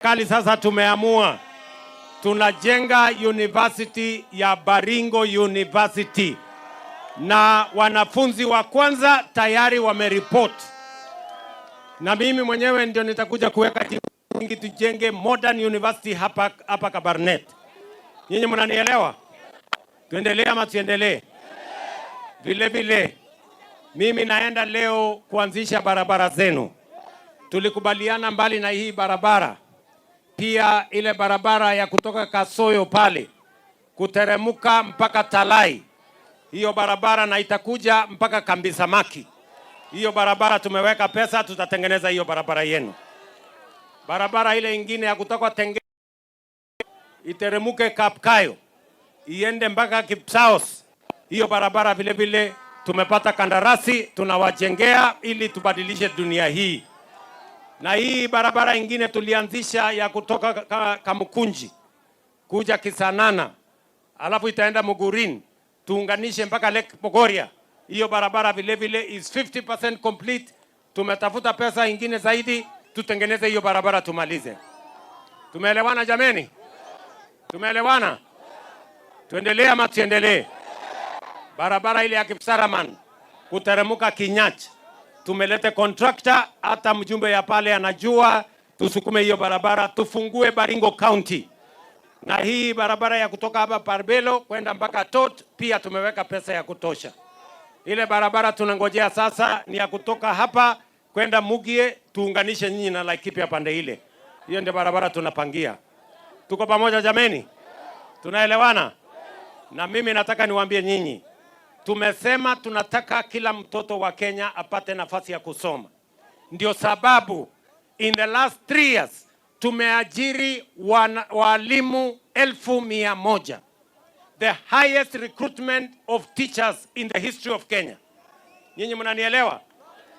Kali sasa tumeamua tunajenga university ya Baringo University, na wanafunzi wa kwanza tayari wameripot, na mimi mwenyewe ndio nitakuja kuweka jingi tujenge modern university hapa, hapa Kabarnet. Nyinyi mnanielewa? Tuendelee ama tuendelee? Vile vile mimi naenda leo kuanzisha barabara zenu. Tulikubaliana mbali na hii barabara pia ile barabara ya kutoka Kasoyo pale kuteremuka mpaka Talai, hiyo barabara na itakuja mpaka Kambisamaki. Hiyo barabara tumeweka pesa, tutatengeneza hiyo barabara yenu. Barabara ile ingine ya kutoka Tenge iteremuke Kapkayo iende mpaka Kipsaos, hiyo barabara vile vile tumepata kandarasi, tunawajengea ili tubadilishe dunia hii na hii barabara ingine tulianzisha ya kutoka Kamukunji kuja Kisanana, alafu itaenda Mugurin tuunganishe mpaka Lake Bogoria. Hiyo barabara vile vile is 50% complete. Tumetafuta pesa ingine zaidi tutengeneze hiyo barabara tumalize. Tumeelewana jameni? Tumeelewana? Tuendelee ama tuendelee? Barabara ile ya Kipsaraman kuteremuka Kinyach tumelete kontrakta, hata mjumbe ya pale anajua, tusukume hiyo barabara, tufungue Baringo County na hii barabara ya kutoka hapa Parbelo kwenda mpaka Tot pia tumeweka pesa ya kutosha. Ile barabara tunangojea sasa ni ya kutoka hapa kwenda Mugie, tuunganishe nyinyi na Laikipia pande ile. Hiyo ndio barabara tunapangia. Tuko pamoja jameni? Tunaelewana? Na mimi nataka niwaambie nyinyi Tumesema tunataka kila mtoto wa Kenya apate nafasi ya kusoma. Ndio sababu in the last three years tumeajiri walimu elfu mia moja the highest recruitment of teachers in the history of Kenya. Nyinyi mnanielewa?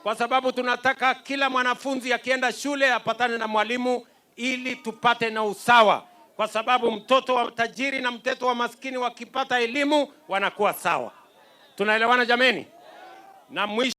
Kwa sababu tunataka kila mwanafunzi akienda shule apatane na mwalimu ili tupate na usawa, kwa sababu mtoto wa tajiri na mtoto wa maskini wakipata elimu wanakuwa sawa. Tunaelewana jameni? Na mwisho